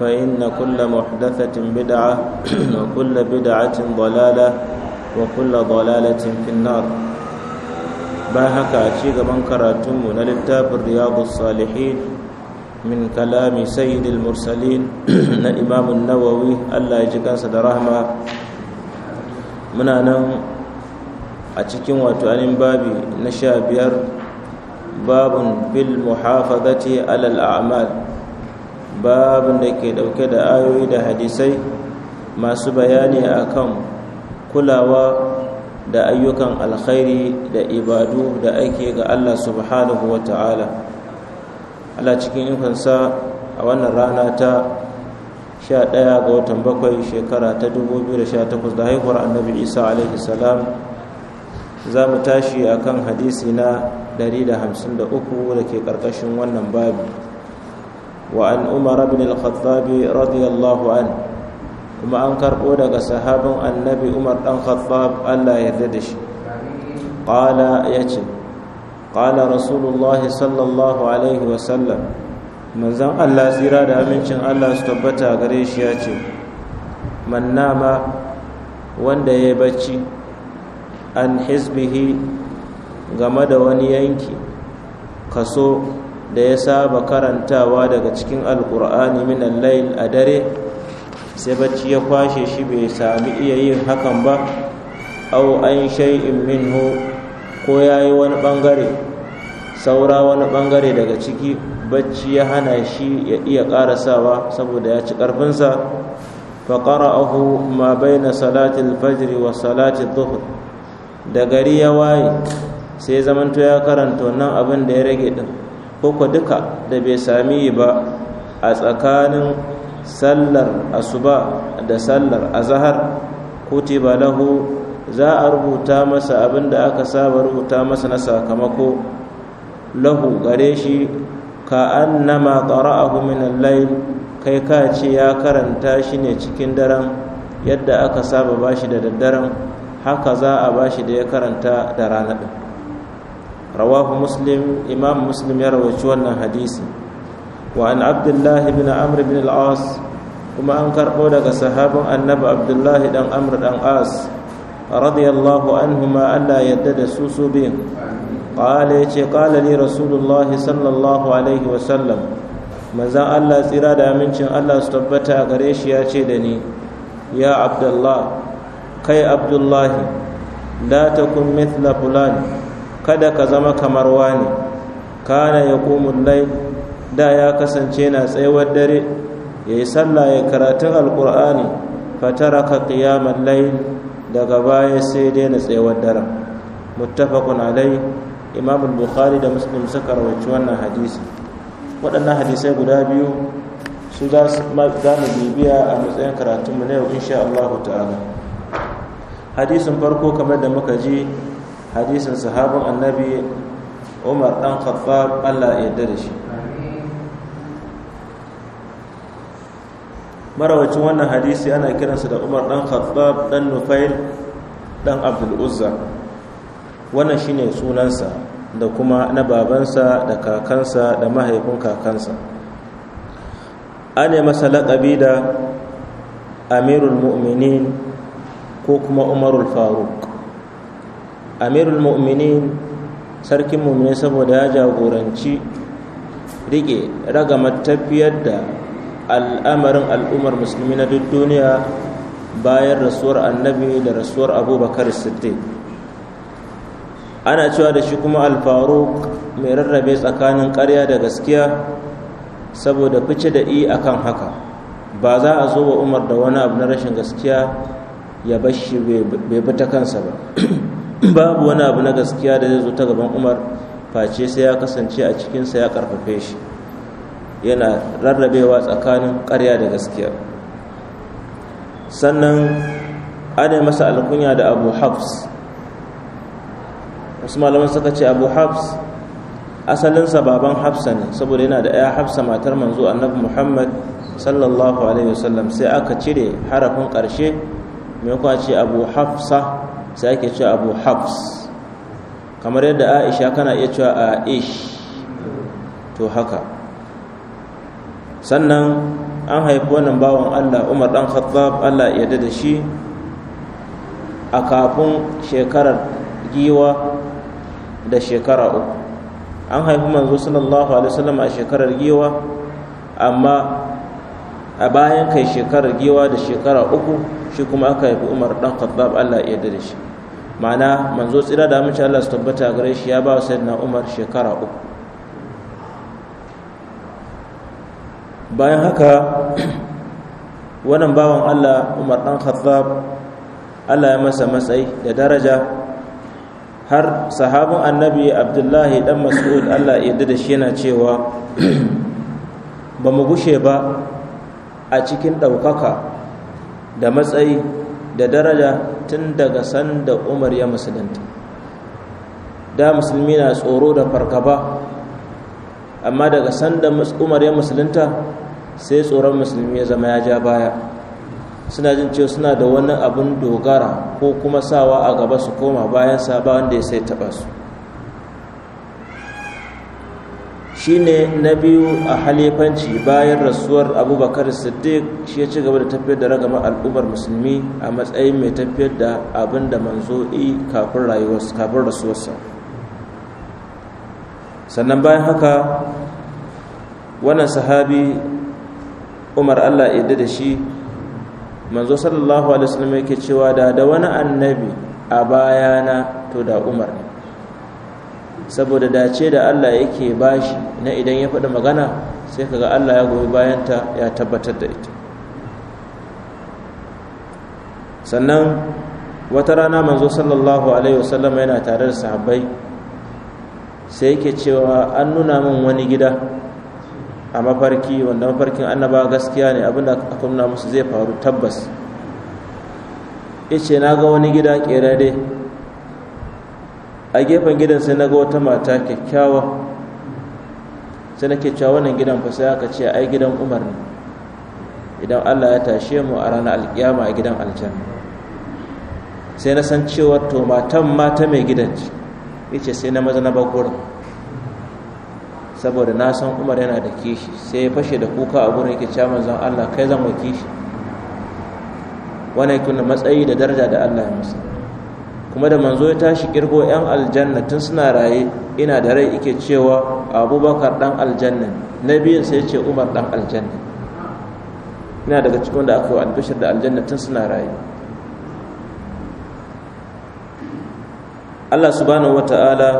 فإن كل محدثة بدعة وكل بدعة ضلالة وكل ضلالة في النار باهك أشيغ من كراتم للتاب الرياض الصالحين من كلام سيد المرسلين الإمام النووي الله يجيكا صدر رحمة من أنا أتكين وتعلم بابي نشا بير باب بالمحافظة على الأعمال babin da ke dauke da ayoyi da hadisai masu bayani a kan kulawa da ayyukan alkhairi da ibadu da ake ga Allah subhanahu wa ta'ala Allah cikin ikonsa a wannan rana ta 11 ga watan bakwai shekara ta 2018 da haihuwar annabi isa alaihi salam za mu tashi a kan hadisi na 153 da ke ƙarƙashin wannan babi wa an umar bin al-khattab radiyallahu an kuma an karɓo daga sahabin annabi umar dan khattab Allah ya yarda shi qala yace qala rasulullahi sallallahu alaihi wa sallam manzan Allah zira da amincin Allah su tabbata gare shi yace man nama wanda yay bacci an hizbihi game da wani yanki kaso da ya saba karantawa daga cikin alkur'ani minan lail a dare sai bacci ya kwashe shi bai sami iya yin hakan ba au an shay'in minhu ko ya yi wani bangare saura wani bangare daga ciki bacci ya hana shi ya iya karasawa saboda ya ci karfinsa فقرأه ما salatin fajiri wa salatin الظهر da gari ya waye sai zamanto ya karanta wannan abin da ya rage din koko duka da bai sami yi ba a tsakanin sallar asuba da sallar azahar kutiba lahu za a rubuta masa abin da aka saba rubuta masa na sakamako lahu gare shi ka annama qara'ahu min al-layl kai ka ce ya karanta shi ne cikin daren yadda aka saba bashi da daddaren haka za a bashi da ya karanta da rana ɗin rawahu muslim imam muslim ya rawaci wannan hadisi wa an abdullah ibn amr ibn al-as kuma an karɓo daga sahabin annabi abdullah dan amr dan as radiyallahu anhuma Allah yadda da su su qala yace qala li rasulullahi sallallahu alaihi wa sallam Manzan Allah tsira da amincin Allah su tabbata a gare shi ya ce da ni ya abdullah kai abdullahi la kun mithla fulani kada ka zama kamar wani kana ya komun lai da ya kasance na tsayawar dare ya yi sallah ya karatun alkur'ani fatara ka ƙiyamar lai daga baya sai dai na tsayawar dare mutafakun alai imam bukhari da muslim suka rawaci wannan hadisi waɗannan hadisai guda biyu su za mu bibiya a matsayin karatunmu na yau insha Allah ta'ala hadisin farko kamar da muka ji hadisin sahabin annabi umar dan khattab allah ya yarda da shi marawacin wannan hadisi ana kiransa da umar dan khattab dan nufail dan abdul uzza wannan shine sunansa da kuma na babansa da kakansa da mahaifin kakansa an yi masa laƙabi da amirul mu'minin ko kuma umarul faruk amirul mu'minin sarkin mu'minin saboda ya jagoranci rike ragamar tafiyar da al'amarin al'ummar musulmi na duk duniya bayan rasuwar annabi da rasuwar abubakar siddiq ana cewa da shi kuma alfaruk mai rarrabe tsakanin karya da gaskiya saboda fice da i akan haka ba za a zo wa umar da wani abu na rashin gaskiya ya bashi bai bi ta kansa ba babu wani abu na gaskiya da zai zo ta gaban umar face sai ya kasance a cikinsa ya karfafe shi yana rarrabewa tsakanin karya da gaskiya sannan ana masa alkunya da abu hafs wasu malaman suka ce abu hafs asalinsa baban hafsa ne saboda yana da 'ya hafsa matar manzo annabi muhammad sallallahu alaihi wasallam sai aka cire harafin ƙarshe mai kwace abu hafsa sai ake cewa abu hafs kamar yadda aisha kana iya cewa aish to haka sannan an haifi wannan bawan allah umar dan khattab allah ya da shi a kafin shekarar giwa da shekara uku an haifi manzo sallallahu alaihi wasallam a shekarar giwa amma a bayan kai shekarar giwa da shekara uku shi kuma aka haifi umar dan khattab allah ya da shi ma'ana manzo tsira da mace allah su tabbata gare shi ya ba wa sayyidina umar shekara uku bayan haka wannan bawan allah umar dan khattab allah ya masa matsayi da daraja har sahabin annabi abdullahi dan mas'ud allah ya da shi yana cewa ba mu gushe ba a cikin ɗaukaka da matsayi da daraja tun daga sanda umar ya musulunta da musulmi na tsoro da fargaba amma daga sanda umar ya musulunta sai tsoron musulmi ya zama ya ja baya suna jin cewa suna da wani abin dogara ko kuma sawa a gaba su koma bayan sabawan da ya sai taɓa su Shi ne na biyu a halifanci bayan rasuwar abubakar siddiq shi ya ci gaba da tafiyar da ragama al'ummar musulmi a matsayin mai tafiyar da abin da manzo'i kafin rasuwarsa sannan bayan haka wannan sahabi umar allah yadda da shi manzo sallallahu alaihi wasallam yake cewa da da wani annabi a bayana to da umar saboda dace da Allah yake bashi na idan ya faɗi magana sai kaga Allah ya goyi bayanta ya tabbatar da ita sannan wata rana manzo sallallahu alaihi wasallam yana tare da sahabbai sai yake cewa an nuna min wani gida a mafarki wanda mafarkin annaba gaskiya ne abinda aka nuna musu zai faru tabbas ya ce na ga wani gida ƙerare a gefen gidan sai na ga wata mata kyakkyawa sai nake cewa wannan gidan fa sai aka ce ai gidan umar ne idan allah ya tashe mu a ranar alkiyama a gidan aljanna sai na san cewa to matan mata mai gidan ce yace sai na maza na bakwurin saboda na san umar yana da kishi sai ya fashe da kuka a gurin yake cewa manzon allah kai zan wa kishi wannan yake matsayi da daraja da allah ya musa kuma da manzo ya tashi kirgo yan aljanna tun suna raye ina da rai ike cewa abubakar dan aljanna na biyun sai ce umar dan aljanna ina daga cikin da aka yi albishir da aljanna tun suna raye allah subhanahu Ta'ala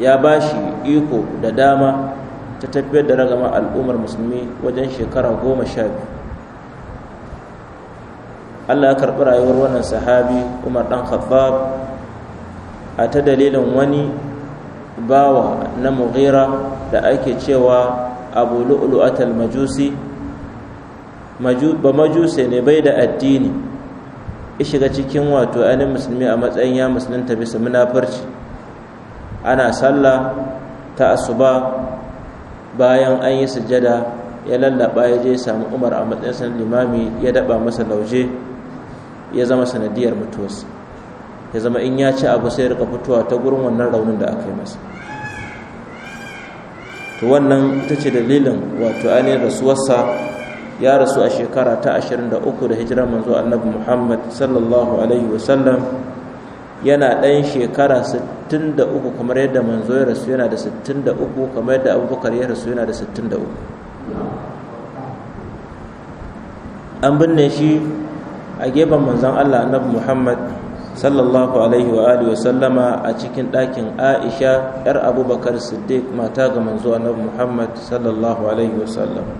ya ba shi iko da dama ta tafiyar da ragama al'ummar musulmi wajen shekara goma sha biyu Allah ya karɓi rayuwar wannan sahabi Umar ɗan Khattab a ta dalilin wani bawa na Mughira da ake cewa Abu Lu'lu'at al-Majusi ba majusi ne bai da addini ya shiga cikin wato ainihin musulmi a matsayin ya musulunta bisa munafarci ana sallah ta asuba bayan an yi sujada ya lallaba ya je samu umar a matsayin limami ya daba masa lauje ya zama sanadiyar mutuwarsa ya zama in ya ci abu sai rika fitowa ta gurin wannan raunin da aka yi masa to wannan ita ce dalilin wato ainihin rasuwarsa ya rasu a shekara ta 23 da hijirar manzo annabi muhammad sallallahu alaihi wasallam yana ɗan shekara 63 kamar yadda manzo ya rasu yana da 63 kamar yadda abubakar ya rasu yana da 63 an binne shi a gefen manzon Allah annabi Muhammad sallallahu alaihi wa alihi wa sallama a cikin ɗakin Aisha yar Abubakar Siddiq mata ga manzo annabi Muhammad sallallahu alaihi wa sallama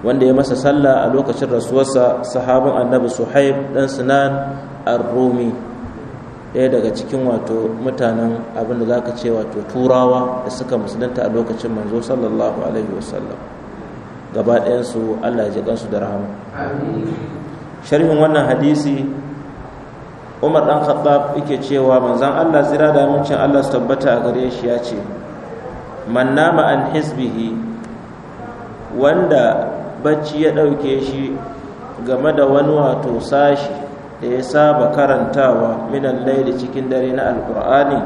wanda ya masa sallah a lokacin rasuwarsa sahabin annabi Suhaib dan Sinan ar-Rumi ɗaya daga cikin wato mutanen abin da zaka ce wato turawa da suka musulunta a lokacin manzo sallallahu alaihi wa sallam gaba ɗayansu Allah ya ji kansu da rahama sharhin wannan hadisi umar dan khattab yake cewa manzon Allah zira da amincin Allah su tabbata a gare shi ya ce man nama an hisbihi wanda bacci ya ɗauke shi game da wani wato sashi da ya saba karantawa minan laili cikin dare na alkur'ani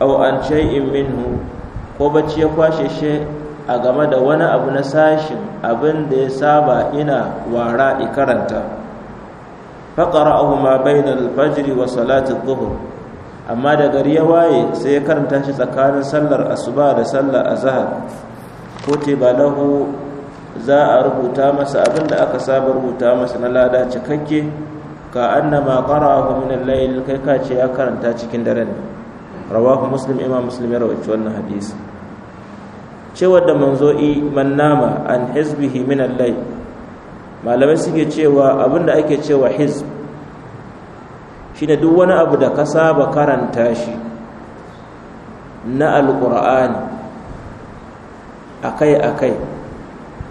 au an shay'in minhu ko bacci ya kwashe shi a game da wani abu na sashin abin da ya saba ina wara ikaranta faƙara'ahu ma da alfajiri wa salatin zuhur amma da gari ya waye sai ya karanta shi tsakanin sallar asuba da sallar azhar ko ba lahu za a rubuta masa abin da aka saba rubuta masa na lada cikakke ka annama qara'ahu min al kai ka ya karanta cikin daren rawahu muslim imam muslim ya rawaito wannan hadisi cewa da manzo'i man nama an hizbihi min allai malamai suke cewa abin da ake cewa hizb shine duk wani abu da ka saba karanta shi na alƙur'ani akai-akai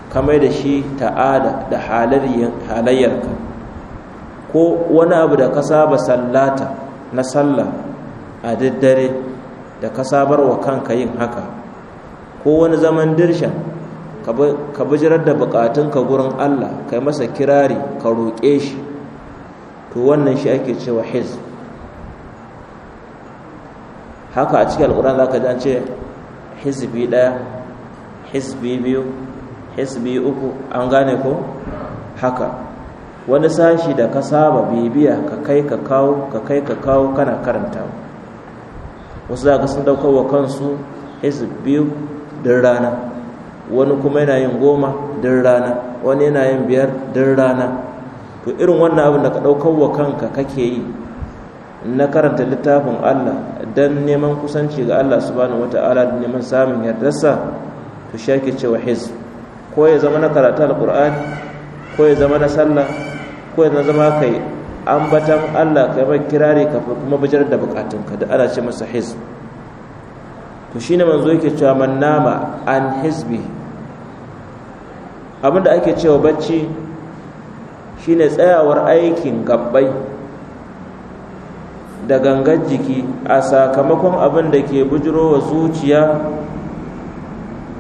kamar da shi ta'ada da halayyarka ko wani abu da ka saba sallata na sallah a daddare da ka sabar wa kanka yin haka ko wani zaman dirsha ka bijirar da ka gurin Allah ka yi masa kirari ka roƙe shi to wannan shi ake cewa hiz haka a cikin alƙur'an za ka ji an ce hizbi ɗaya hizbi biyu hizbi uku an gane ko haka wani sashi da ka saba bibiya ka kai ka kawo ka kai ka kawo kana karanta wasu za ka sun wa kansu hizb biyu din rana wani kuma yana yin goma din rana wani yana yin biyar din rana to irin wannan abin da ka ɗaukar wa kanka kake yi na karanta littafin Allah don neman kusanci ga Allah subhanahu wata'ala da neman samun yardarsa to shaki cewa hiz ko ya zama na karatu alquran ko ya zama na sallah ko ya zama kai ambatan Allah kai mai kirari ka kuma bijar da bukatunka da ana ce masa hizb to shine manzo yake cewa man nama an hizbi abinda ake cewa bacci shine tsayawar aikin gabbai da gangar jiki a sakamakon abin da ke bujirowa zuciya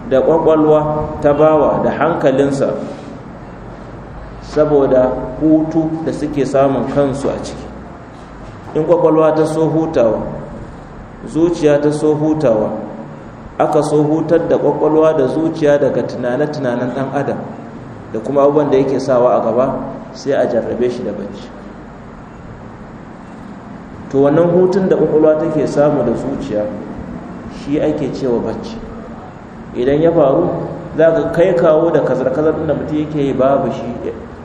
da ƙwaƙwalwa ta bawa da hankalinsa saboda hutu da suke samun kansu a ciki in ƙwaƙwalwa ta so hutawa zuciya ta so hutawa aka so hutar da kwakwalwa da zuciya daga tunane-tunanen ɗan adam da kuma abubuwan da yake sawa a gaba sai a jarrabe shi da bacci to wannan hutun da kwakwalwa take samu da zuciya shi ake cewa bacci idan ya faru za ka kai kawo da kazar-kazar da mutum yake yi babu shi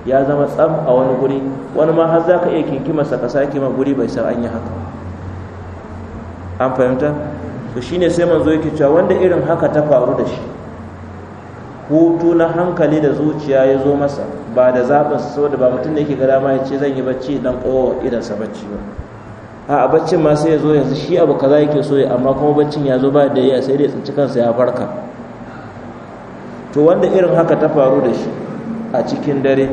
ya zama tsam a wani guri wani ma har za ka iya kinkima sa ka sake ma guri bai san an yi haka an fahimta to shine sai manzo yake cewa wanda irin haka ta faru da shi hutu na hankali da zuciya ya zo masa ba da zaɓin sa saboda ba mutum da yake ga ma ya ce zan yi bacci dan kowa idansa bacci ba a baccin ma sai ya zo yanzu shi abu kaza yake so ya amma kuma baccin ya zo ba da ya sai dai tsinci kansa ya farka to wanda irin haka ta faru da shi a cikin dare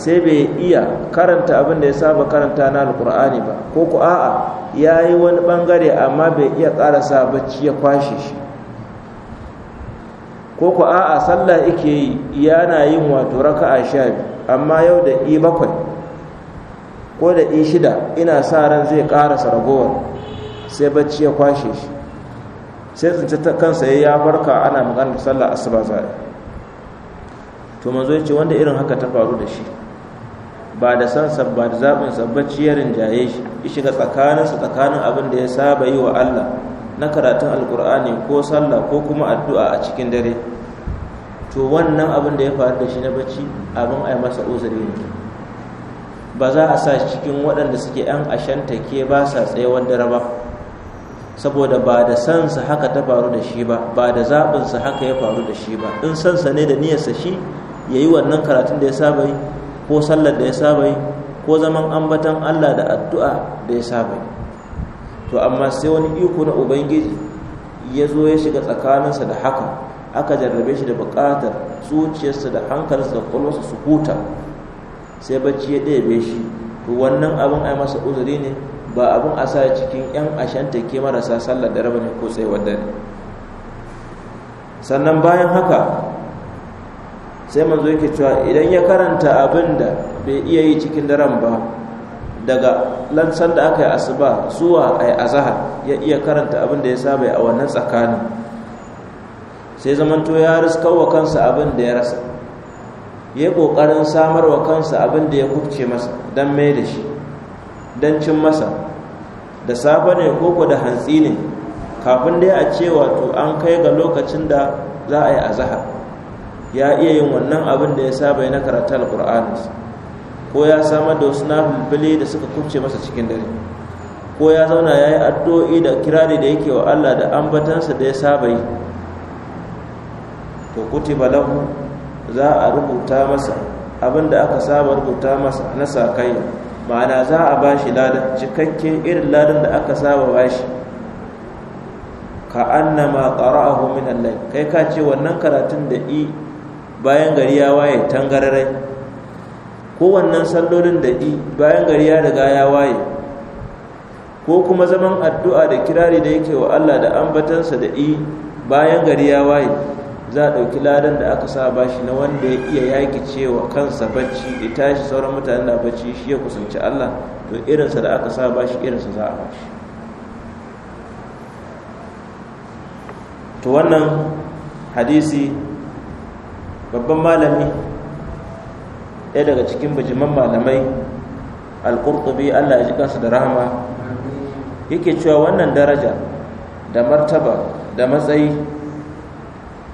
sai bai iya karanta abin da ya saba karanta na alkur'ani ba ko ku a'a ya yi wani bangare amma bai iya karasa bacci ya kwashe shi ko ku a'a sallah ike yi yana yin wato a sha amma yau da i bakwai ko da i shida ina sa ran zai karasa ragowar sai bacci ya kwashe shi sai tsinci ta kansa ya farka ana maganar sallah asuba za'a to manzo ya ce wanda irin haka ta faru da shi ba da san sabba da zaɓin sabbaci ya rinjaye shi ya shiga tsakaninsa tsakanin abin da ya saba yi wa Allah na karatun alkur'ani ko sallah ko kuma addu'a a cikin dare to wannan abin da ya faru da shi na bacci abin a yi masa uzuri ne ba za a sa cikin waɗanda suke yan ke ba sa tsayawar dare ba saboda ba da sansa haka ta faru da shi ba ba da zaɓinsa haka ya faru da shi ba in sansa ne da niyyarsa shi ya yi wannan karatun da ya saba yi ko sallar da ya saba yi ko zaman ambatan Allah da addu'a da ya saba yi to amma sai wani iko na ubangiji ya zo ya shiga tsakaninsa da haka aka jarrabe shi da buƙatar zuciyarsa da hankalinsa da kwalwarsa su huta sai bacci ya ɗebe shi to wannan abin ai masa uzuri ne ba abin a sa cikin 'yan ashanta ke marasa sallar da raba ne ko tsayuwar dare sannan bayan haka sai manzo yake cewa idan ya karanta abin da bai iya yi cikin daren ba daga lansan da aka yi asuba zuwa a yi azahar ya iya karanta abin da ya saba a wannan tsakanin sai zamanto ya wa kansa abin da ya rasa ya yi ƙoƙarin samar wa kansa abin da ya kubce masa don mai da shi don cin masa da safe ne koko da hantsi ne kafin dai a ce wato an kai ga lokacin da za a yi azahar ya iya yin wannan abin da ya saba na karatu alqur'ani ko ya samar da wasu nafilfili da suka kubce masa cikin dare ko ya zauna ya yi addu'o'i da kirari da yake wa Allah da ambatansa da ya saba yi to kutiba lahu za a rubuta masa abin da aka saba rubuta masa na sakayya ma'ana za a ba shi ladan cikakken irin ladan da aka saba ba shi ka annama qara'ahu min al kai ka ce wannan karatun da i bayan gari ya waye tangararai kowannen sallolin da i bayan gari ya riga ya waye ko kuma zaman addu'a da kirari da yake wa Allah da ambatansa da i bayan gari ya waye za a ɗauki ladan da aka sa bashi na wanda ya iya yaƙi cewa kansa bacci ya tashi sauran mutane na bacci shi ya kusanci Allah to irinsa da aka sa bashi irinsa za a bashi to wannan hadisi babban malami ɗaya daga cikin bijiman malamai alƙurtubi allah ya ji kansu da rahama yake cewa wannan daraja da martaba da matsayi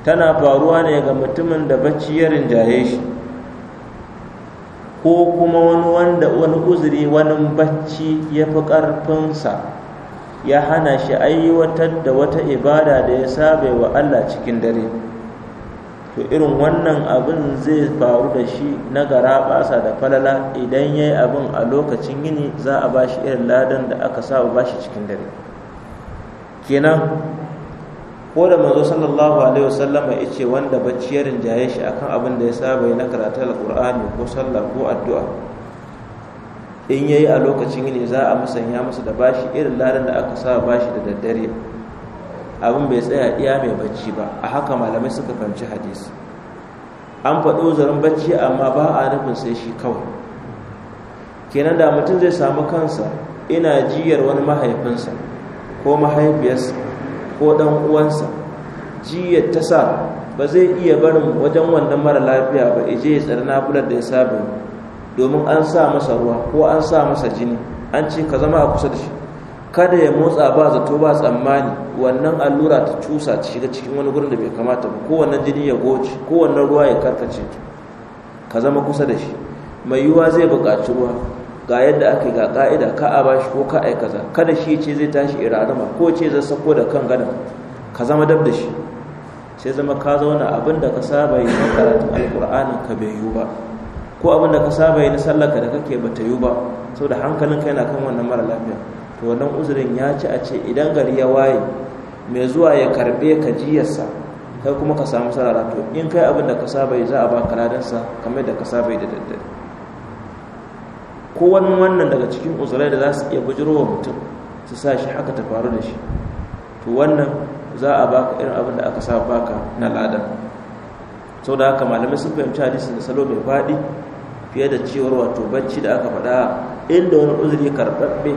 tana faruwa ne ga mutumin da bacci ya rinjaye shi ko kuma wani wanda wani uzuri wani bacci ya fi ƙarfinsa ya hana shi aiwatar da wata ibada da ya sabe wa allah cikin dare to irin wannan abin zai faru da shi na gara basa da falala idan ya yi abin a lokacin yini za a ba shi irin ladan da aka saba ba shi cikin dare kenan ko da manzo sallallahu alaihi wasallama ya ce wanda bacci ya rinjaye shi akan abin da ya saba na karatun alkur'ani ko sallah ko addu'a in yayi a lokacin yini za a musanya masa da bashi irin ladan da aka sa bashi da daddare abin bai tsaya iya mai bacci ba a haka malamai suka fahimci hadisi an faɗo zarin bacci amma ba a nufin sai shi kawai kenan da mutum zai samu kansa ina jiyar wani mahaifinsa ko mahaifiyarsa ko ɗan uwansa jiyar ta sa ba zai iya barin wajen wannan mara lafiya ba ije ya tsari nafular da ya saba domin an sa masa ruwa ko an sa masa jini an ce ka zama a kusa da shi kada ya motsa ba zato ba tsammani wannan allura ta cusa ta shiga cikin wani gurin da bai kamata ba kowannan jini ya goce kowannan ruwa ya karkace ka zama kusa da shi mai yiwuwa zai buƙaci ruwa ga yadda aka ga ƙa'ida, ka a bashi ko ka kaza kada shi ce zai tashi irarama ko ce zai sako da kan gada. ka zama dab da shi sai zama ka zauna abin da ka saba yi na karatun ka bai yiwu ba ko abin da ka saba yi na sallaka da kake ba ta yiwu ba saboda hankalinka yana kan wannan mara lafiya to wannan uzurin ya ci a ce idan gari ya waye mai zuwa ya karbe ka jiyarsa kai kuma ka samu sarara to in kai abin da ka saba za a baka ladansa kamar da ka saba da daddare kowanne wannan daga cikin uzurai da za su iya bujirowa mutum su sa shi haka ta faru da shi to wannan za a baka irin abin da aka saba baka na ladan sau da haka malamai sun fahimci hadisi da salo mai faɗi fiye da cewar wato bacci da aka faɗa inda wani uzuri karɓaɓɓe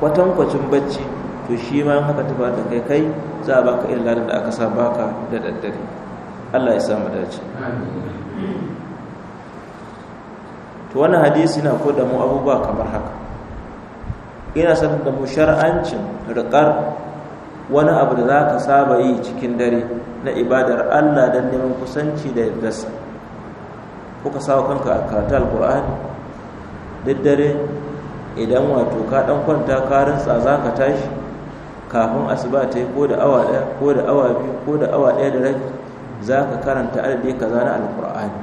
kwatankwacin bacci to shi ma haka ta faru da kai kai za a baka irin ladan da aka sa baka da daddare Allah ya samu dace to wannan hadisi na ko da mu abubuwa kamar haka ina sanar da mu shar'ancin riƙar wani abu da za ka saba yi cikin dare na ibadar Allah don neman kusanci da yardarsa kuka sawa kanka a karatu alkur'ani duk dare idan wato ka ɗan kwanta ka rintsa za ka tashi kafin asuba ta yi ko da awa ɗaya ko da awa biyu ko da awa ɗaya da rabi za ka karanta adadi kaza na alkur'ani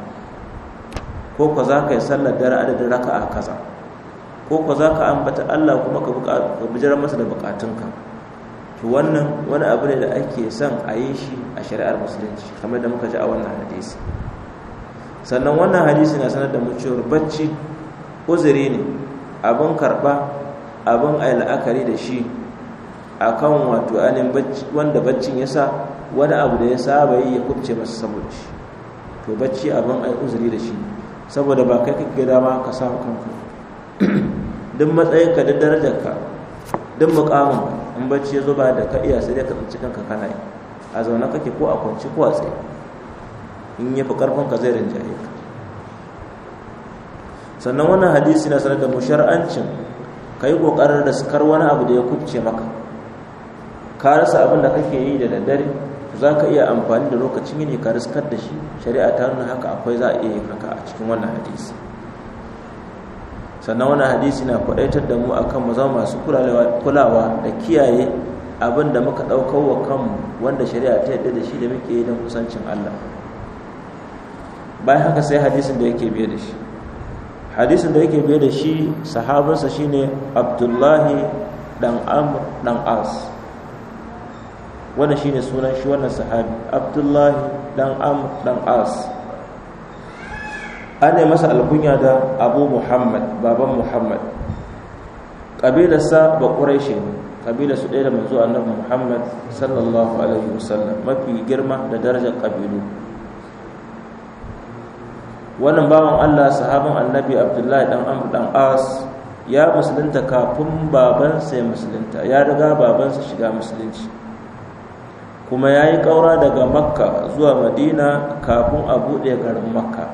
ko ko za ka yi sallar dare adadin a kaza ko ko za ka ambata Allah kuma ka bujar masa da bukatunka to wannan wani abu ne da ake son a yi shi a shari'ar musulunci kamar da muka ji a wannan hadisi sannan wannan hadisi na sanar da mu cewa bacci uzuri ne abin karɓa, abin ayi la'akari da shi a kan wato anin wanda baccin ya sa wani abu da ya saba yi ya kubce masa saboda shi to bacci abin ai uzuri da shi saboda ba kai kake dama ka sa kanka duk matsayin ka da darajar ka duk mukamin in bacci ya zo ba da ka iya sai dai ka tsinci kanka kana yi a zaune kake ko a kwance ko a tsaye in ya fi karfin ka zai rinjaye ka sannan wannan hadisi na sanar da mu shar'ancin ka yi ƙoƙarin da su kar wani abu da ya kubce maka ka rasa abin da kake yi da daddare za ka iya amfani da lokacin yini ka riskar da shi shari'a ta nuna haka akwai za a iya yi haka a cikin wannan hadisi sannan wannan hadisi na kwadaitar da mu akan mu zama masu kulawa da kiyaye abin da muka ɗaukar wa kanmu wanda shari'a ta yadda da shi da muke yi don kusancin Allah bayan haka sai hadisin da yake biye da shi hadisin da yake biye da shi sahabinsa shine abdullahi dan amr dan as wannan shine sunan shi wannan sahabi abdullahi dan am dan as an masa alkunya da abu muhammad baban muhammad ƙabilarsa ba ƙuraishe ne su ɗaya da manzo annabi muhammad sallallahu alaihi wasallam mafi girma da darajar ƙabilu wannan bawan allah sahabin annabi abdullahi dan am dan as ya musulunta kafin babansa ya musulunta ya riga babansa shiga musulunci kuma ya yi ƙaura daga makka zuwa madina kafin a buɗe garin makka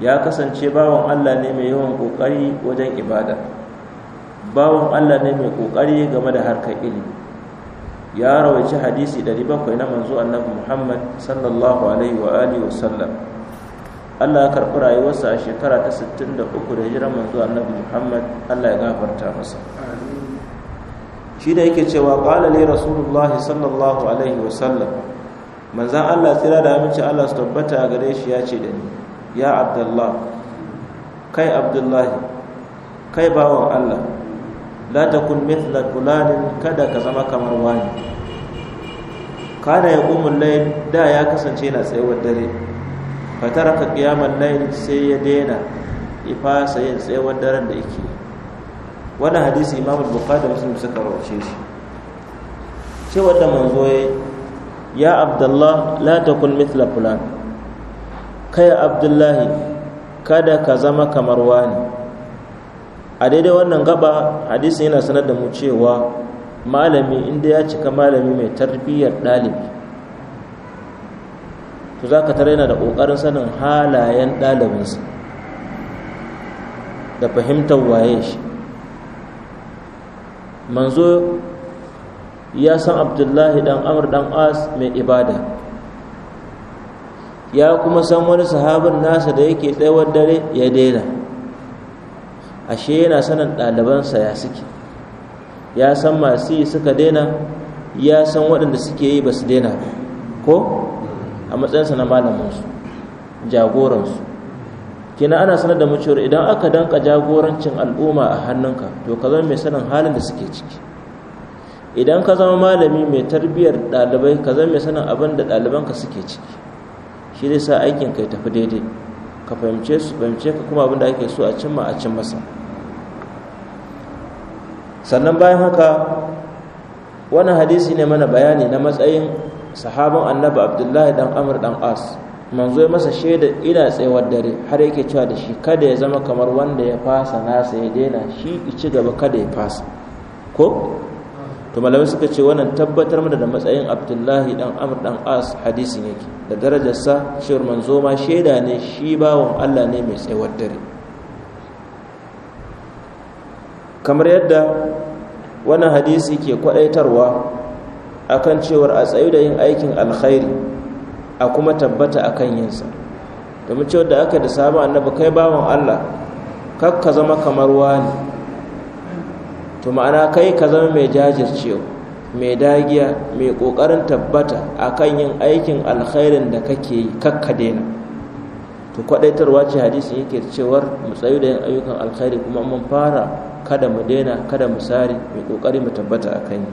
ya kasance bawan allah ne mai yawan ƙoƙari wajen ibada bawan allah ne mai ƙoƙari game da harkar ilimi ya rawaici hadisi 700 na manzo annabi muhammad sallallahu alaihi wa alihi wasallam allah ya karɓi rayuwarsa a shekara ta 63 da hijirar manzo annabi muhammad allah ya gafarta masa shi ne yake cewa ƙwala ne rasulullahi sallallahu alaihi wa sallam manzan Allah tsira da aminci Allah su tabbata gare shi ya ce da ni ya abdullah kai abdullahi kai bawan Allah la kun mitla kulanin kada ka zama kamar wani Kada ya kumun layl da ya kasance na tsayuwar dare ka qiyamal layl sai ya daina ifasa yin tsayuwar daren da yake wannan hadisi imam bukhari da muslim suka rawace shi sai wanda manzo ya ya abdullah la takun mithla fulan kai abdullahi kada ka zama kamar wani a daidai wannan gaba hadisi yana sanar da mu cewa malami inda ya cika malami mai tarbiyyar ɗalibi to za ka tare yana da ƙoƙarin sanin halayen ɗalibinsa da fahimtar waye shi manzo ya san abdullahi dan amr dan as mai ibada ya kuma san wani sahabin nasa da yake tsawon dare ya daina ashe yana sanin ɗalibansa ya suke ya san masu yi suka daina ya san waɗanda suke yi ba su daina ko a matsayinsa na malamansu, jagoransu kina ana sanar da mu idan aka danka jagorancin al'umma a hannunka to ka zama mai sanin halin da suke ciki idan ka zama malami mai tarbiyyar ɗalibai ka zama mai sanin abin da ɗalibanka suke ciki shi zai sa aikin ka ya tafi daidai ka fahimce su fahimce ka kuma abin da ake so a cimma a cin masa sannan bayan haka wannan hadisi ne mana bayani na matsayin sahabin annabi abdullahi dan amr dan as manzo masa shaida ina tsayawar dare har yake cewa da shi kada ya zama kamar wanda ya fasa nasa ya daina shi ci gaba kada ya fasa ko to malamai suka ce wannan tabbatar mana da matsayin abdullahi dan amr dan as hadisin yake da darajarsa cewar manzo ma shaida ne shi bawon allah ne mai tsayawar dare kamar yadda wannan hadisi ke kwadaitarwa akan cewar a tsayu da yin aikin alkhairi a kuma tabbata a akan yinsa domin cewa da aka da sabon annabi kai bawan Allah kar ka zama kamar wani to ma'ana kai ka zama mai jajircewa mai dagiya mai kokarin tabbata a kan yin aikin alkhairin da kake yi kakka daina to kwadaitarwa ce hadisi yake cewar mu tsayu da yin ayyukan alkhairi kuma mun fara kada mu daina kada mu sare mai kokari mu tabbata a akan yi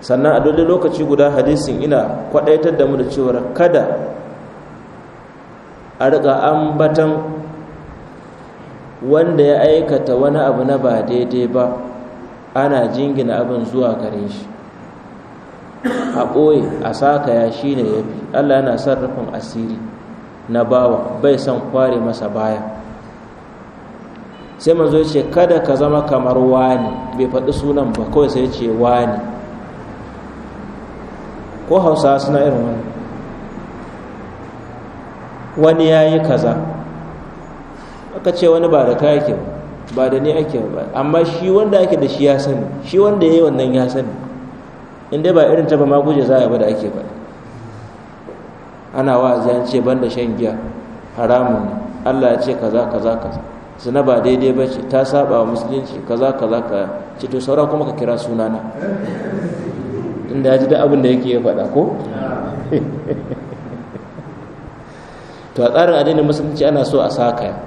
sannan a dole lokaci guda hadisin ina kwadaitar da mu da cewar kada a riƙa ambatan wanda ya aikata wani abu na ba daidai ba ana jingina abin zuwa gare shi a ɓoye a sakaya shi ne ya fi allah yana sarrafin asiri na bawa bai son kware masa baya sai manzo ce kada ka zama kamar wani bai faɗi sunan ba kawai sai ce wani ko hausawa suna irin wani wani ya yi kaza aka ce wani ba da ka yake ba da ni ake ba amma shi wanda ake da shi ya sani shi wanda ya yi wannan ya sani inda ba irin taba maguje za a yaba da ake ba ana wa'azi an ce banda shan giya haramun ne allah ya ce kaza kaza kaza zina ba daidai ba ce ta saba wa musulunci kaza kaza ka ce to saura kuma ka kira sunana inda ya ji da abin da yake ya faɗa ko to a tsarin addinin musulunci ana so a saka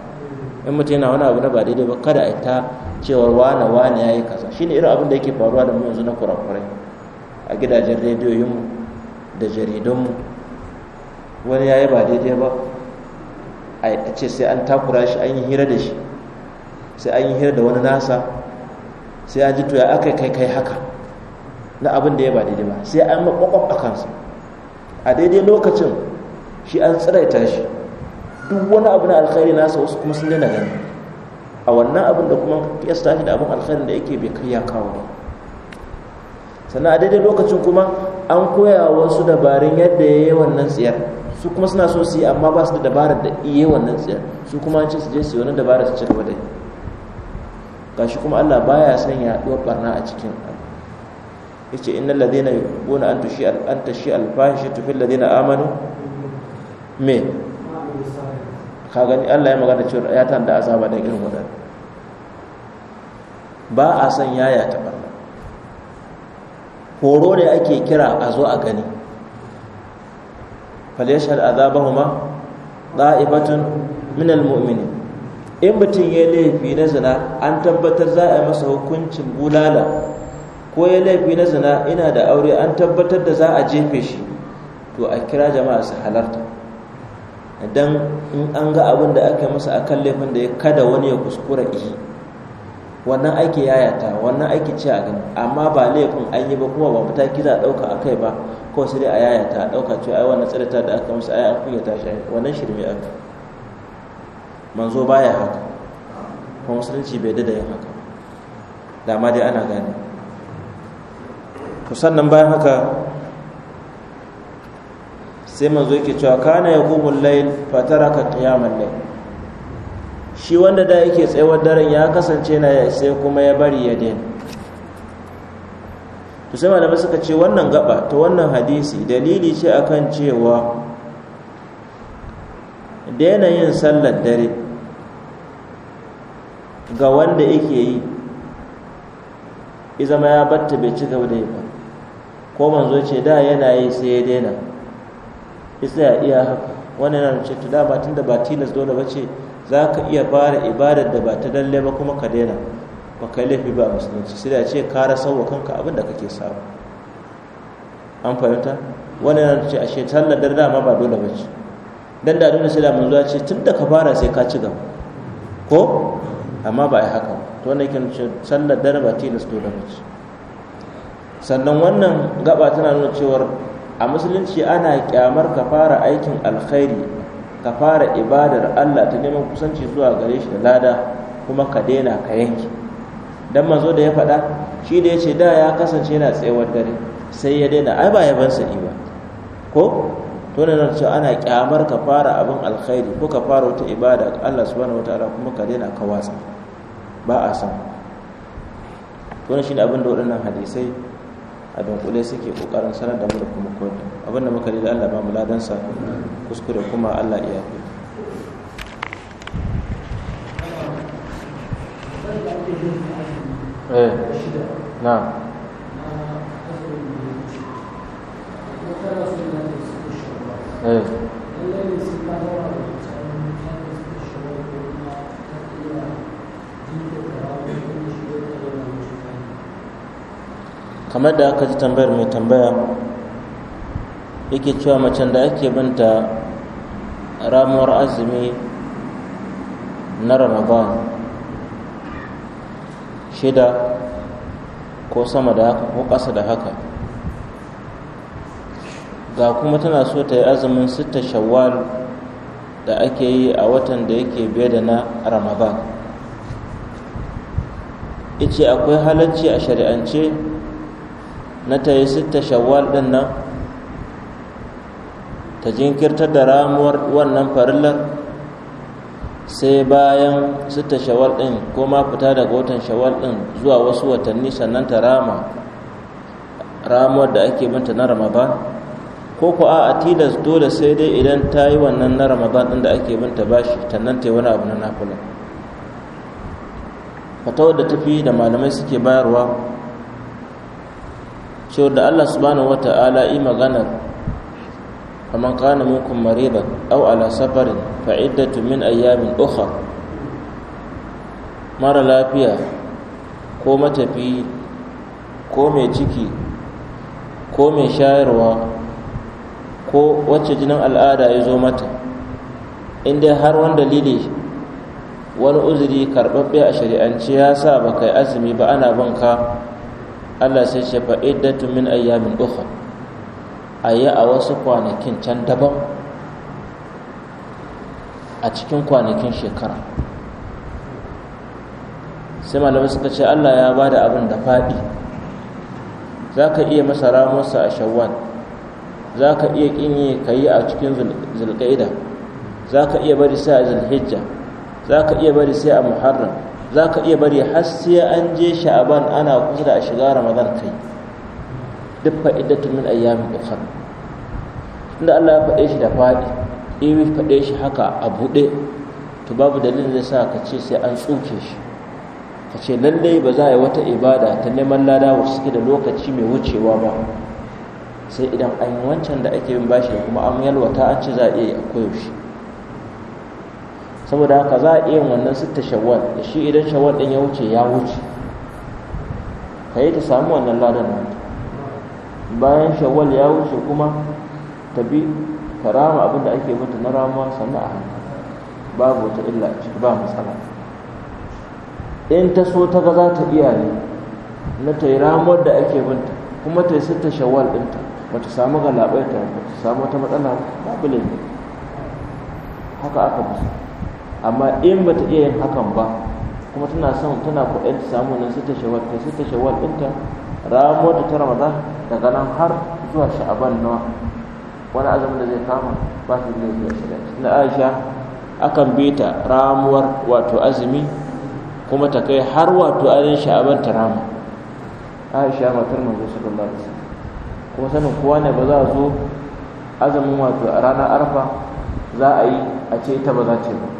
in mutu yana wani abu na ba daidai ba kada a ta cewar wane wane ya yi shi shine irin abin da yake faruwa da mu yanzu na kurakurai a gidajen rediyoyinmu da jaridunmu wani ya yi ba daidai ba a ce sai an takura shi an yi hira da shi sai an yi hira da wani nasa sai an ji to ya aka kai kai haka na abin da ya ba daidai ba sai an makwakwaf a kansa a daidai lokacin shi an tsiraita shi duk wani abu na alkhairi nasa wasu kuma sun daina gani a wannan abin da kuma kiyasta shi da abin alkhairin da yake bai kai ya kawo ba sannan a daidai lokacin kuma an koya wasu dabarun yadda ya yi wannan tsiyar su kuma suna so su yi amma ba su da dabarar da iya wannan tsiyar su kuma an ce su je su yi wani dabarar su ci gaba da yi gashi kuma Allah baya son yaduwar barna a cikin yace innal ladina yuquna an tushi an tashi al fahishatu fil ladina amanu me ka gani Allah ya magana cewa ya tanda azaba da irin wadan ba a san yaya ta barna horo ne ake kira a zo a gani falyashhad azabahuma da'ibatun min almu'minin in mutum ya laifi na zina an tabbatar za a yi masa hukuncin bulala ko ya laifi na zina ina da aure an tabbatar da za a jefe shi to a kira jama'a su halarta don in an ga abin da aka masa kan laifin da ya kada wani ya kuskura ihi wannan aiki yayata wannan aiki ce a gani amma ba laifin an yi ba kuma ba mataki za a ɗauka a kai ba kawai sai dai a yayata a ɗauka cewa ai wannan tsirata da aka masa ai an kunya tashi wannan shirme aka manzo baya haka kuma musulunci bai da yin haka da ma dai ana gane to sannan bayan haka sai manzo yake cewa kana layin, fatara ka qiyamal layl shi wanda da yake tsayawar daren ya kasance na ya sai kuma ya bari ya daina to sai malamai suka ce wannan gaba ta wannan hadisi dalili ce akan cewa daina yin sallar dare ga wanda yake yi izama ya batta bai ci gaba da yi ba ko manzo ce da yana yi sai ya daina isa ya iya haka wani yana ce to dama tunda ba tilas dole ba ce za ka iya fara ibadar da ba ta lalle ba kuma ka daina ba kai laifi ba musulunci sai da ce ka rasarwa kanka abin da kake samu an fahimta wani yana ce ashe tallar da dama ba dole ba ce dan da dole sai da manzo ce tun da ka fara sai ka ci gaba ko amma ba yi haka to wannan yake sallar dare ba tilas dole ba ce sannan wannan gaba tana nuna cewar a musulunci ana kyamar ka fara aikin alkhairi ka fara ibadar Allah ta neman kusanci zuwa gare shi da lada kuma ka daina ka yanke dan manzo da ya faɗa shi da ya ce da ya kasance yana tsewar dare sai ya daina ai ba ya ban sani ba ko to ne na cewa ana kyamar ka fara abin alkhairi ko ka fara wata ibada Allah subhanahu wataala kuma ka daina ka watsa ba a san to ne abin da waɗannan hadisai a dunkule suke kokarin sanar da mu da kuma kodi abinda muka da Allah ba mu ladansa kuskure kuma Allah iya yi eh na eh kamar da aka ji tambayar mai tambaya yake cewa macen da ake binta ramuwar azumi na ramadan shida ko sama da haka ko ƙasa da haka ga kuma tana so ta yi azumin sita shawwal da ake yi a watan da yake biye da na ramadan ice akwai halarci a shari'ance na ta yi sita shawwal ɗin nan ta jinkirtar da ramuwar wannan farillar sai bayan sita shawar ɗin ko ma fita daga watan shawar ɗin zuwa wasu watanni sannan ta rama ramuwar da ake binta na ramadan ko ku a atilas dole sai dai idan ta yi wannan na ramadan ɗin da ake binta bashi tannan ta yi wani abu na nakula? fatawar da tafi da malamai suke bayarwa cewa da Allah subhanahu ta'ala yi maganar faman kana minkum marida au ala safarin fa min ayyamin ukhra mara lafiya ko matafi ko mai ciki ko mai shayarwa ko wacce jinin al'ada ya zo mata inda har wani dalili wani uzuri karɓaɓɓe a shari'ance ya sa ba kai azumi ba ana bin ka Allah sai ce fa iddatu min ayyamin ukhra ayi a wasu kwanakin can daban a cikin kwanakin shekara sai malamai suka ce Allah ya bada abin da faɗi za ka iya masa ramarsa a shawwal za ka iya kinye kayi a cikin zulqaida za ka iya bari sai a zulhijja za ka iya bari sai a muharram za ka iya bari har sai an je sha'aban ana kusa da a shiga ramadan kai duk fa'idatu min ayyamin ukhra inda Allah ya faɗe shi da faɗi in ya faɗe shi haka a buɗe to babu dalilin zai sa ka ce sai an tsuke shi ka ce lallai ba za a yi wata ibada ta neman lada wasu suke da lokaci mai wucewa ba sai idan an yi wancan da ake yin bashi da kuma an yalwata an ce za a iya yi a koyaushe saboda haka za a iya yin wannan sitta shawwal da shi idan shawwal din ya wuce ya wuce ka yi ta samu wannan ladan nan bayan shawwal ya wuce kuma ta bi ka rama abin da ake mata na ramuwa sannan a hannu babu wata illa a ciki ba matsala in ta so ta ga za ta iya ne na ta yi ramuwar da ake binta kuma ta yi sitta shawwal ɗinta ba ta samu galabaita ba ta samu wata matsala babu laifi haka aka fi amma in ba ta iya yin hakan ba kuma tana son tana kuɗin ta samu nan sita shawar ta sita shawar ɗinta ramuwar ta tara maza daga nan har zuwa sha'aban nawa wani azumin da zai kama ba shi zai zuwa shirya na aisha akan bi ta ramuwar wato azumi kuma ta kai har wato azumin sha'aban ta rama aisha matar manzo sallallahu alaihi wasallam kuma sanin kowa ne ba za a zo azumin wato ranar arfa za a yi a ce ta ba za ce ba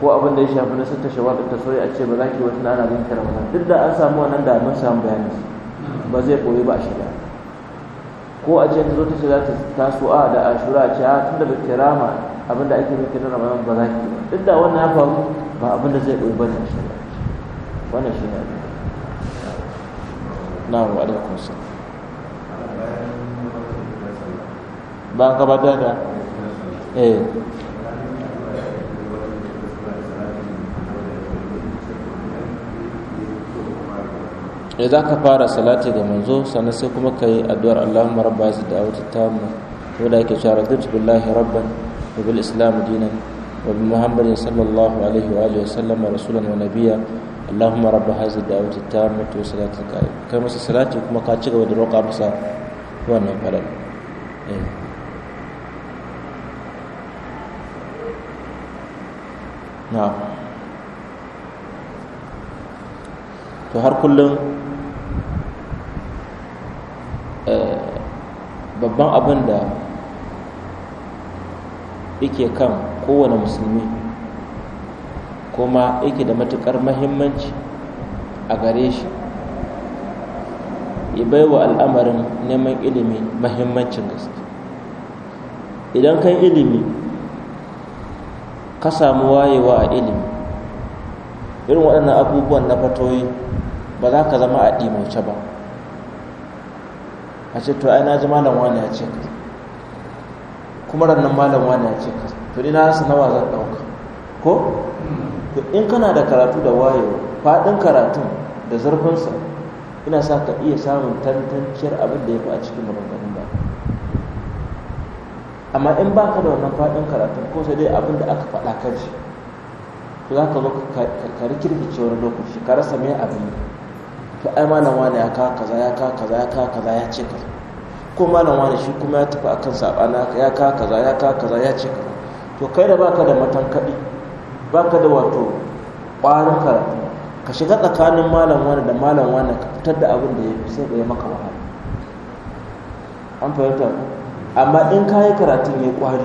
ko abin da ya shafi na sitta shawar da ta soya a ce ba za ki wata ana ganin kira ba duk da an samu wannan da mun samu bayani ba zai koyi ba a shiga ko a ce ta zo ta ce za ta taso a da ashura a ce a tun da ba kirama abin da ake miki na ramadan ba za ki ba duk da wannan ya faru ba abin da zai koyi ba ne shiga wannan shi ne na na'am wa alaikum salam ba ka ba da eh ne za ka fara salati ga manzo sannan sai kuma ka yi addu'ar allahumma rabba ya da awata tamu to da ake cewa radu billahi rabban wa bil islam dinan wa bi muhammadin sallallahu alaihi wa alihi wa sallama rasulan wa nabiyya allahumma rabba hazi da hadhihi da'wati tammatu wa salatin qa'im kai masa salati kuma ka ci gaba da roƙa masa wannan falal eh. na'am to har kullum babban abin da yake kan kowane musulmi kuma yake da matukar mahimmanci a gare shi ya baiwa al'amarin neman ilimi mahimmancin gaske idan kan ilimi ka samu wayewa a ilimi irin waɗannan abubuwan na fatoyi ba za ka zama a ɗimoce ba a ce to ai na ji malam wani ya ce ka kuma rannan malam wani ya ce ka to na nawa zan ɗauka ko to in kana da karatu da wayewa faɗin karatun da sa ina sa ka iya samun tantanciyar abin da ya a cikin maganganun ba amma in ba ka da wannan faɗin karatun ko sai dai abin da aka faɗa kan shi to za ka zo ka rikirkice wani lokaci ka rasa mai abin fa ai malam wani ya ka kaza ya ka kaza ya ka kaza ya ce kaza ko malam wani shi kuma ya tafi akan sabana ya ka kaza ya ka kaza ya ce kaza to kai da baka da matankadi baka da wato kwarin karatu ka shiga tsakanin malam wani da malam wani ka fitar da abin da ya fi sai ya maka wahala an fahimta amma in ka yi karatun ya ƙwari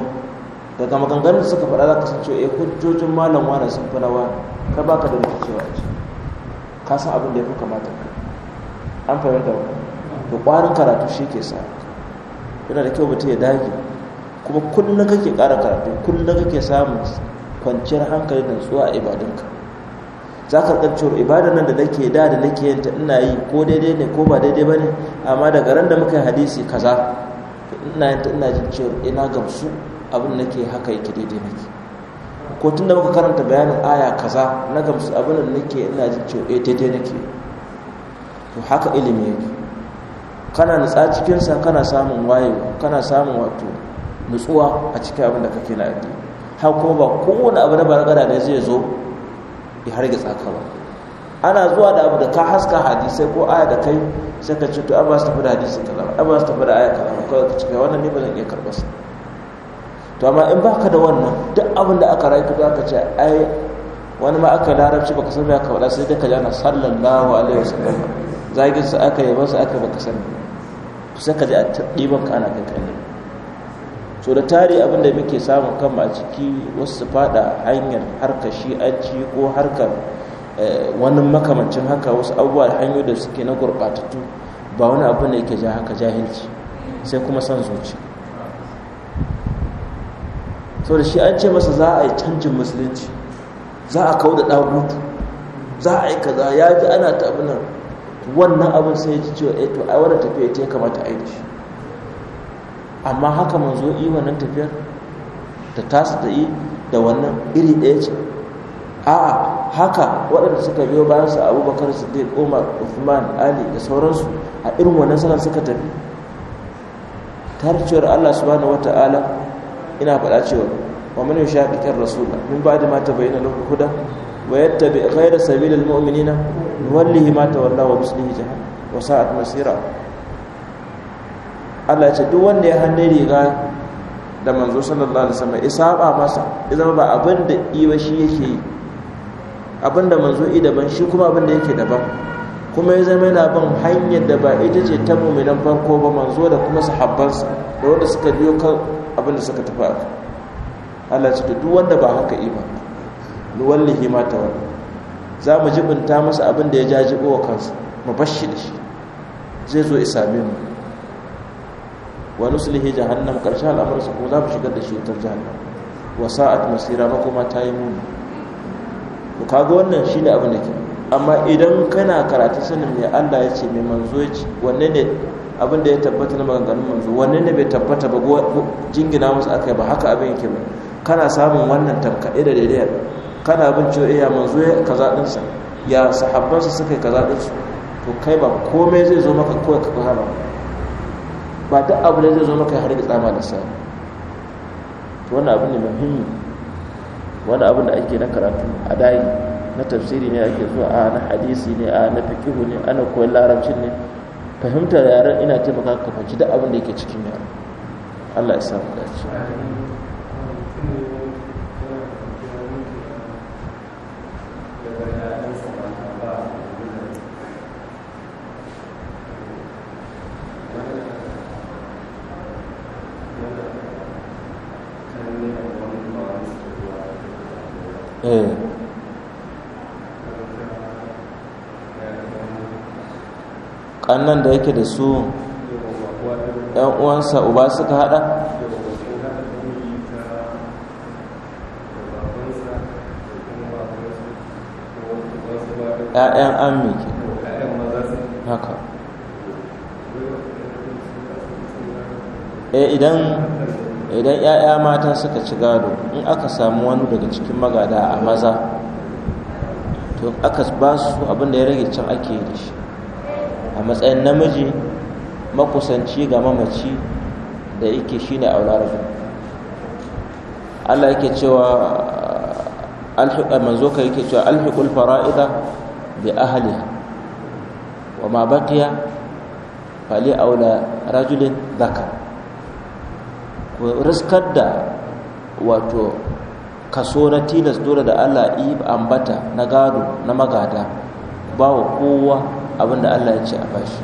daga maganganun da suka faɗa za ka san cewa eh hujjojin malam wani sun fi rawa ka baka da rikicewa a ciki ka san abin da ya fi kamata an fahimta ba to ƙwarin karatu shi ke sa yana da kyau mutum ya dage kuma kullum kake ƙara karatu kullum kake samun kwanciyar hankali da nutsuwa a ibadunka za ka karɓar cewar ibada nan da nake da da nake yanta ina yi ko daidai ne ko ba daidai ba ne amma daga ran da muka yi hadisi kaza ina yanta ina jin cewar ina gamsu abin da nake haka yake daidai nake ko tun da muka karanta bayanin aya kaza na gamsu abin da nake ina jin cewar eh daidai nake to haka ilimi yake kana nutsa cikinsa kana samun wayewa kana samun wato nutsuwa a cikin abin da kake na addini har kuma ba kowane abu na barkada ne zai zo ya harge tsaka ba ana zuwa da abu da ka haska hadisai ko aya da kai sai ka ce to an ba su tafi da hadisi kaza ba an ba su tafi da aya kaza ba kawai ka cika wannan ne ba zan iya karɓa sa to amma in baka da wannan duk abin da aka rayu za ka ce ai wani ma aka larabci baka san me aka faɗa sai dai ka ji ana sallallahu alaihi wasallam zagin su aka yi masa aka baka sani kusa ka ji a ɗiban ka ana kankanin. ne so da tari abin da muke samun kama a ciki wasu su fada hanyar harkar shi'anci ko harkar eh, wani makamancin haka wasu abubuwa da hanyoyi da suke na gurɓatattu ba wani abu ne yake ja haka jahilci sai kuma son zuci So da shi an ce masa za a yi canjin musulunci za a kawo da ɗagutu za a yi kaza ya fi ana ta abinan wannan abin sai ji cewa eh to ai wannan tafiya ta kamata a yi shi amma haka zo yi wannan tafiyar ta tasu da yi da wannan iri ɗaya ce a'a haka waɗanda suka biyo bayan su abubakar siddiq umar uthman ali da sauransu a irin wannan sanar suka tafi tarciyar allah subhanahu wata'ala ina faɗa cewa wa man yushaqiqir rasula min ba'di ma tabayyana lahu huda wa yattabi ghayra sabilil mu'minina nuwallihi ma tawalla wa nuslihi jahannam wa sa'at masira Allah ce duk wanda ya hannu riga da manzo sallallahu alaihi wasallam isa ba masa idan ba abin da iwa shi yake yi abin da manzo i daban shi kuma abin da yake daban kuma ya zama yana bin hanyar da ba ita ce ta muminan farko ba manzo da kuma sahabbansa da wanda suka biyo kan abin da suka tafi Allah ce duk wanda ba haka iba ba nuwallihi ma ta wani. za mu jibinta masa abin da ya jajibo wa kansu. mu bashi da shi zai zo isa same mu wa nuslihi jahannam karshen al'amarsa ko za mu shigar da shi ta jahannam wa sa'at masira kuma ta yi muni Ku kaga wannan shi ne abin da ke amma idan kana karatu sanin mai Allah ya ce mai manzo ya ce wanne ne abin da ya tabbata na maganganun manzo wanne ne bai tabbata ba jingina musu yi ba haka abin yake ba kana samun wannan tamkaɗe eh, da daidai kana bin cewa iya eh, manzo ya kaza dinsa ya sahabbansa suka yi kaza dinsu to kai ba komai zai zo maka kawai ka kwana ba duk abu da zai zo maka har da tsama da sa to wannan abu ne muhimmi wannan abin da ake na karatu a dai na tafsiri ne ake zuwa a na hadisi ne a na fikihu ne ana koyar larabcin ne fahimtar yaren ina taimaka ka fahimci duk abin da yake cikin yaren Allah ya mu dace da yake da su ‘yan uwansa uba suka hada? ‘ya'yan an miki haka e idan idan ‘ya'ya mata suka ci gado in aka samu wani daga cikin magada a maza to aka ba su abin da ya rage can ake yi da shi matsayin namiji makusanci ga mamaci da yake shine aularufin Allah yake cewa alhiqa eh, manzo kai yake cewa alhiqul fara'ida bi ahliha wa ma baqiya fali aula rajulin dhakar ku riskar da wato kaso na tilas dole da Allah yi ambata na gado na magada ba wa kowa abin da Allah ya ce a bashi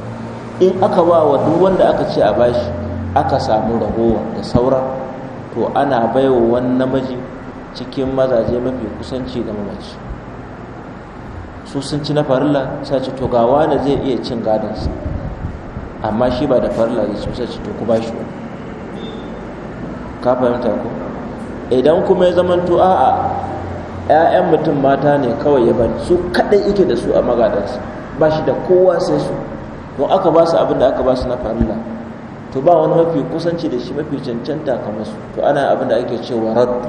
in aka ba wa duk wanda aka ce a bashi aka samu ragowa da saura to ana baiwa wani namiji cikin mazaje mafi kusanci da mamaci su sun ci na farilla sa ce to gawa ne zai iya cin gadansa amma shi ba da farilla zai so sai ce to ku bashi wani ka fahimta ko idan kuma ya to a'a 'ya'yan mutum mata ne kawai ya bani su kaɗai ike da su a magadansa ba shi da kowa sai su don aka ba su abin da aka ba su na farilla to ba wani mafi kusanci da shi mafi cancanta kamar su to ana abin da ake cewa raddu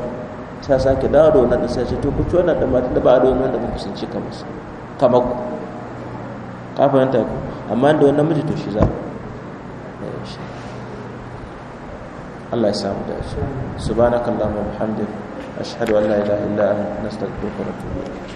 ta sake dawo da wannan sai ce to ku ci wannan da ba a da wani wanda ba kusanci kamar su kamar ku ka fahimta ku amma da wannan miji to shi za Allah ya samu da shi subhanakallahumma wa bihamdika ashhadu an la ilaha illa anta astaghfiruka wa atubu ilayk